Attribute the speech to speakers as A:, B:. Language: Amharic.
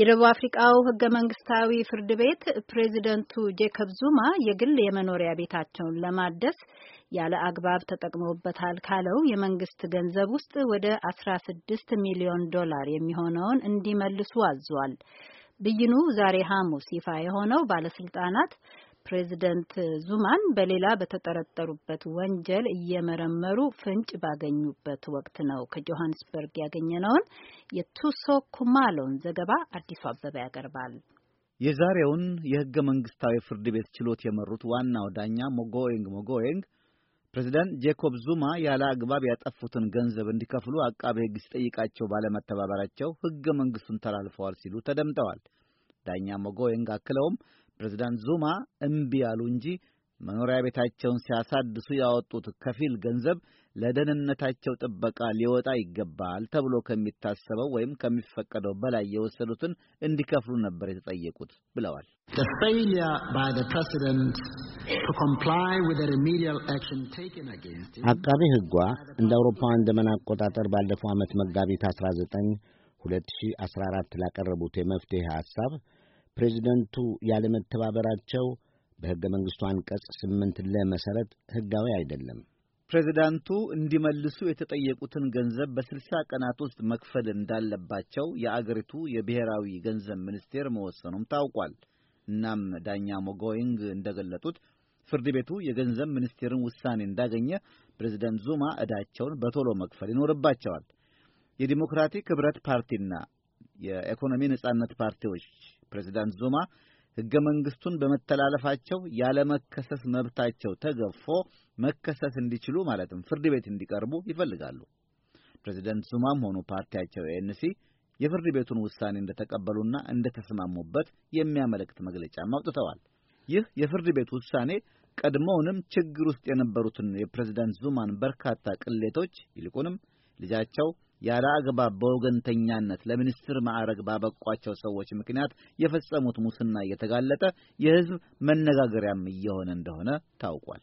A: የደቡብ አፍሪካው ህገ መንግስታዊ ፍርድ ቤት ፕሬዚደንቱ ጄኮብ ዙማ የግል የመኖሪያ ቤታቸውን ለማደስ ያለ አግባብ ተጠቅመውበታል ካለው የመንግስት ገንዘብ ውስጥ ወደ አስራ ስድስት ሚሊዮን ዶላር የሚሆነውን እንዲመልሱ አዟል። ብይኑ ዛሬ ሐሙስ ይፋ የሆነው ባለስልጣናት ፕሬዚደንት ዙማን በሌላ በተጠረጠሩበት ወንጀል እየመረመሩ ፍንጭ ባገኙበት ወቅት ነው። ከጆሃንስበርግ ያገኘነውን የቱሶ ኩማሎን ዘገባ አዲሱ አበበ ያቀርባል።
B: የዛሬውን የህገ መንግስታዊ ፍርድ ቤት ችሎት የመሩት ዋናው ዳኛ ሞጎኤንግ ሞጎኤንግ ፕሬዚዳንት ጄኮብ ዙማ ያለ አግባብ ያጠፉትን ገንዘብ እንዲከፍሉ አቃቤ ህግ ሲጠይቃቸው ባለመተባበራቸው ህገ መንግስቱን ተላልፈዋል ሲሉ ተደምጠዋል። ዳኛ ሞጎኤንግ አክለውም ፕሬዚዳንት ዙማ እምቢ አሉ እንጂ መኖሪያ ቤታቸውን ሲያሳድሱ ያወጡት ከፊል ገንዘብ ለደህንነታቸው ጥበቃ ሊወጣ ይገባል ተብሎ ከሚታሰበው ወይም ከሚፈቀደው በላይ የወሰዱትን እንዲከፍሉ ነበር የተጠየቁት ብለዋል።
C: አቃቤ ሕጓ እንደ አውሮፓውያን ዘመን አቆጣጠር ባለፈው ዓመት መጋቢት 19 2014 ላቀረቡት የመፍትሄ ሐሳብ ፕሬዚደንቱ ያለመተባበራቸው በሕገ መንግሥቱ አንቀጽ ስምንት ለመሠረት ሕጋዊ አይደለም።
B: ፕሬዚዳንቱ እንዲመልሱ የተጠየቁትን ገንዘብ በስልሳ ቀናት ውስጥ መክፈል እንዳለባቸው የአገሪቱ የብሔራዊ ገንዘብ ሚኒስቴር መወሰኑም ታውቋል። እናም ዳኛ ሞጎይንግ እንደገለጡት ፍርድ ቤቱ የገንዘብ ሚኒስቴርን ውሳኔ እንዳገኘ ፕሬዚደንት ዙማ ዕዳቸውን በቶሎ መክፈል ይኖርባቸዋል። የዲሞክራቲክ ኅብረት ፓርቲና የኢኮኖሚ ነጻነት ፓርቲዎች ፕሬዚዳንት ዙማ ሕገ መንግሥቱን በመተላለፋቸው ያለመከሰስ መብታቸው ተገፎ መከሰስ እንዲችሉ ማለትም ፍርድ ቤት እንዲቀርቡ ይፈልጋሉ። ፕሬዚደንት ዙማም ሆኑ ፓርቲያቸው ኤንሲ የፍርድ ቤቱን ውሳኔ እንደተቀበሉና እንደተስማሙበት የሚያመለክት መግለጫ አውጥተዋል። ይህ የፍርድ ቤት ውሳኔ ቀድሞውንም ችግር ውስጥ የነበሩትን የፕሬዚዳንት ዙማን በርካታ ቅሌቶች ይልቁንም ልጃቸው ያለ አግባብ በወገንተኛነት ለሚኒስትር ማዕረግ ባበቋቸው ሰዎች ምክንያት የፈጸሙት ሙስና እየተጋለጠ የሕዝብ መነጋገሪያም እየሆነ እንደሆነ ታውቋል።